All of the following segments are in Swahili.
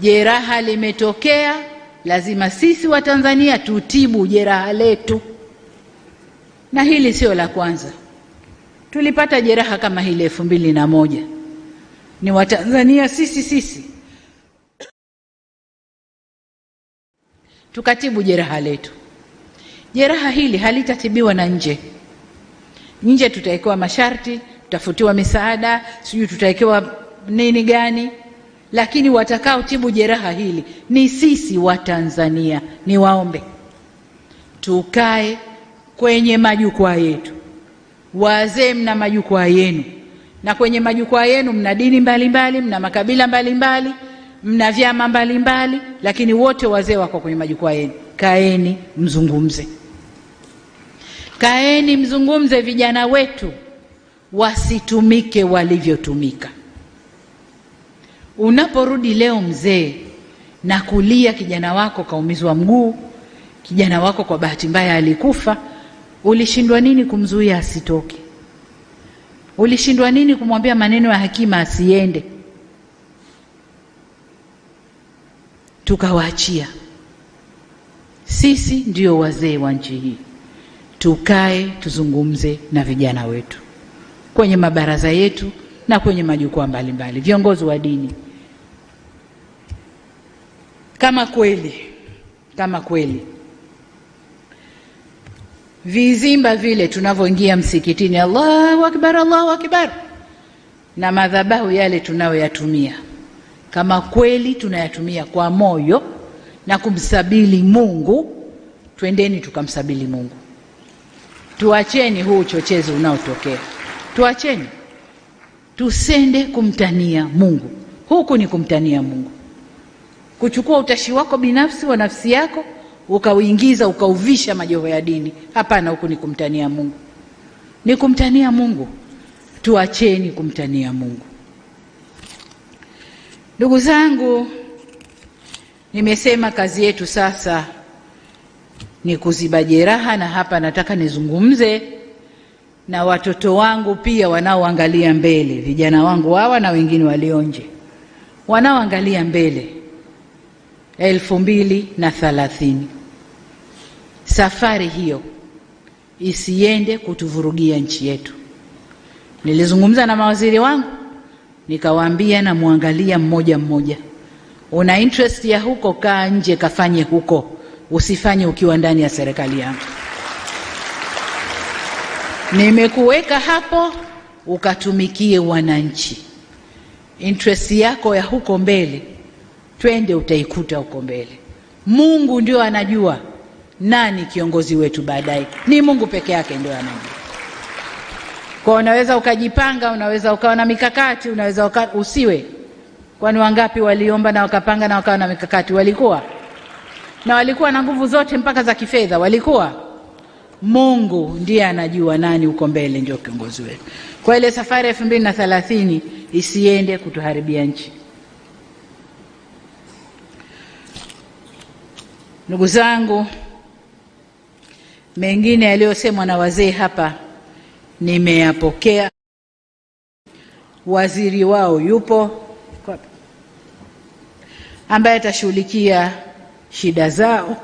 jeraha limetokea, lazima sisi Watanzania tutibu jeraha letu, na hili sio la kwanza. Tulipata jeraha kama hili elfu mbili na moja. Ni Watanzania sisi sisi tukatibu jeraha letu. Jeraha hili halitatibiwa na nje. Nje tutawekewa masharti, tutafutiwa misaada, sijui tutawekewa nini gani lakini watakaotibu jeraha hili ni sisi Watanzania. Niwaombe tukae kwenye majukwaa yetu. Wazee, mna majukwaa yenu, na kwenye majukwaa yenu mna dini mbalimbali, mna makabila mbalimbali mbali, mna vyama mbalimbali mbali, lakini wote wazee wako kwenye majukwaa yenu. Kaeni mzungumze, kaeni mzungumze. Vijana wetu wasitumike walivyotumika. Unaporudi leo mzee na kulia, kijana wako kaumizwa mguu, kijana wako kwa bahati mbaya alikufa, ulishindwa nini kumzuia asitoke? Ulishindwa nini kumwambia maneno ya hakima asiende? Tukawaachia. Sisi ndio wazee wa nchi hii, tukae tuzungumze na vijana wetu kwenye mabaraza yetu na kwenye majukwaa mbalimbali, viongozi wa dini kama kweli kama kweli vizimba vile tunavyoingia msikitini, Allahu akbar, Allahu akbar, na madhabahu yale tunayoyatumia, kama kweli tunayatumia kwa moyo na kumsabili Mungu, twendeni tukamsabili Mungu. Tuacheni huu uchochezi unaotokea, tuacheni, tusende kumtania Mungu. Huku ni kumtania Mungu kuchukua utashi wako binafsi wa nafsi yako ukauingiza ukauvisha majoho ya dini. Hapana, huku ni kumtania Mungu, ni kumtania Mungu. Tuacheni kumtania Mungu. Ndugu zangu, nimesema kazi yetu sasa ni kuziba jeraha, na hapa nataka nizungumze na watoto wangu pia wanaoangalia mbele, vijana wangu hawa na wengine walio nje wanaoangalia mbele elfu mbili na Safari hiyo isiende kutuvurugia nchi yetu. Nilizungumza na mawaziri wangu nikawaambia, namwangalia mmoja mmoja, una interest ya huko, kaa nje, kafanye huko, usifanye ukiwa ndani ya serikali yangu. Nimekuweka hapo ukatumikie wananchi, interest yako ya huko mbele Twende utaikuta huko mbele. Mungu ndio anajua nani kiongozi wetu baadaye, ni Mungu peke yake ndio anajua. Kwa unaweza ukajipanga, unaweza ukawa na mikakati, unaweza uka, usiwe. Kwani wangapi waliomba na wakapanga na wakawa na mikakati? Walikuwa na walikuwa na nguvu zote mpaka za kifedha, walikuwa Mungu ndiye anajua nani huko mbele ndio kiongozi wetu. Kwa ile safari elfu mbili na thelathini isiende kutuharibia nchi. Ndugu zangu, mengine yaliyosemwa na wazee hapa nimeyapokea. Waziri wao yupo ambaye atashughulikia shida zao.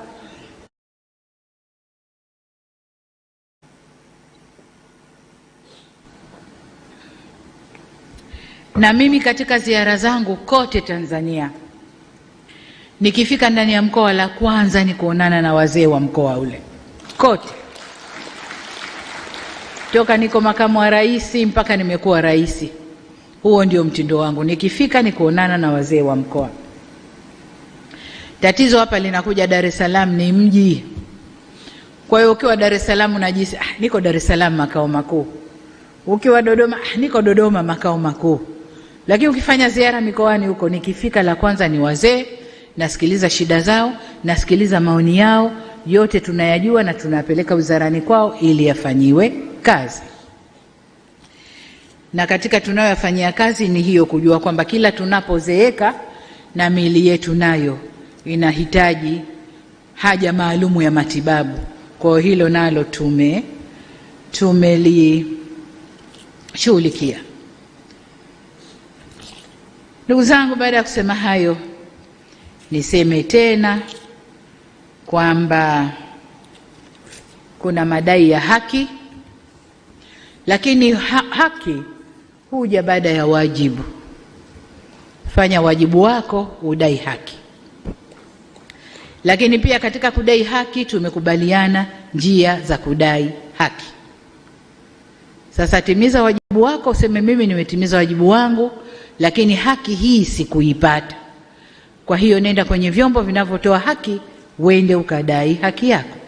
Na mimi katika ziara zangu kote Tanzania Nikifika ndani ya mkoa, la kwanza ni kuonana na wazee wa mkoa ule kote, toka niko makamu wa rais mpaka nimekuwa rais. Huo ndio mtindo wangu, nikifika ni kuonana na wazee wa mkoa. Tatizo hapa linakuja, Dar es Salaam ni mji. Kwa hiyo ukiwa Dar es Salaam unajisi, ah, niko Dar es Salaam makao makuu, ukiwa Dodoma, ah, niko Dodoma makao makuu. Lakini ukifanya ziara mikoani huko, nikifika la kwanza ni wazee nasikiliza shida zao, nasikiliza maoni yao, yote tunayajua na tunayapeleka wizarani kwao ili yafanyiwe kazi. Na katika tunayoyafanyia kazi ni hiyo, kujua kwamba kila tunapozeeka na miili yetu nayo inahitaji haja maalumu ya matibabu. Kwa hilo nalo tume tumelishughulikia. Ndugu zangu, baada ya kusema hayo Niseme tena kwamba kuna madai ya haki, lakini ha haki huja baada ya wajibu. Fanya wajibu wako, udai haki. Lakini pia katika kudai haki tumekubaliana njia za kudai haki. Sasa timiza wajibu wako, useme mimi nimetimiza wajibu wangu, lakini haki hii sikuipata. Kwa hiyo nenda kwenye vyombo vinavyotoa haki, wende ukadai haki yako.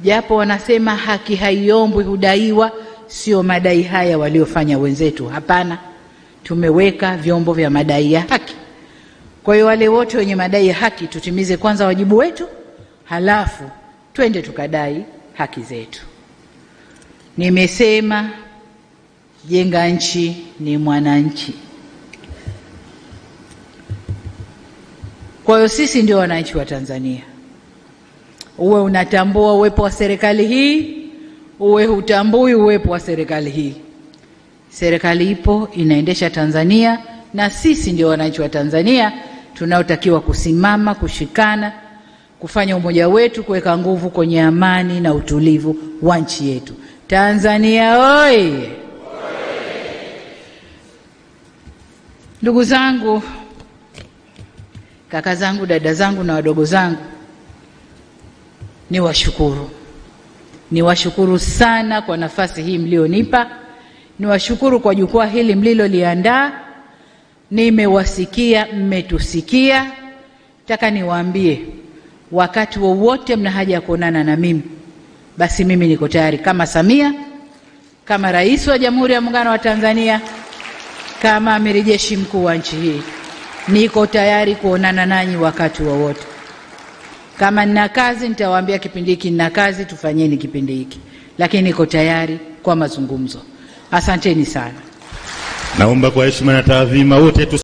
Japo wanasema haki haiombwi, hudaiwa. Sio madai haya waliofanya wenzetu, hapana. Tumeweka vyombo vya madai ya haki. Kwa hiyo wale wote wenye madai ya haki tutimize kwanza wajibu wetu, halafu twende tukadai haki zetu. Nimesema jenga nchi ni mwananchi. Kwa hiyo sisi ndio wananchi wa Tanzania, uwe unatambua uwepo wa serikali hii, uwe hutambui uwepo wa serikali hii, serikali ipo inaendesha Tanzania, na sisi ndio wananchi wa Tanzania tunaotakiwa kusimama, kushikana, kufanya umoja wetu, kuweka nguvu kwenye amani na utulivu wa nchi yetu Tanzania. Oye! Ndugu zangu kaka zangu, dada zangu na wadogo zangu, niwashukuru, niwashukuru sana kwa nafasi hii mlionipa, niwashukuru kwa jukwaa hili mliloliandaa. Nimewasikia, mmetusikia. Nataka niwaambie wakati wowote mna haja ya kuonana na mimi, basi mimi niko tayari, kama Samia, kama rais wa Jamhuri ya Muungano wa Tanzania, kama amiri jeshi mkuu wa nchi hii niko tayari kuonana nanyi wakati wowote wa kama nina kazi nitawaambia kipindi hiki nina kazi, tufanyeni kipindi hiki, lakini niko tayari kwa mazungumzo. Asanteni sana. Naomba kwa heshima na taadhima wote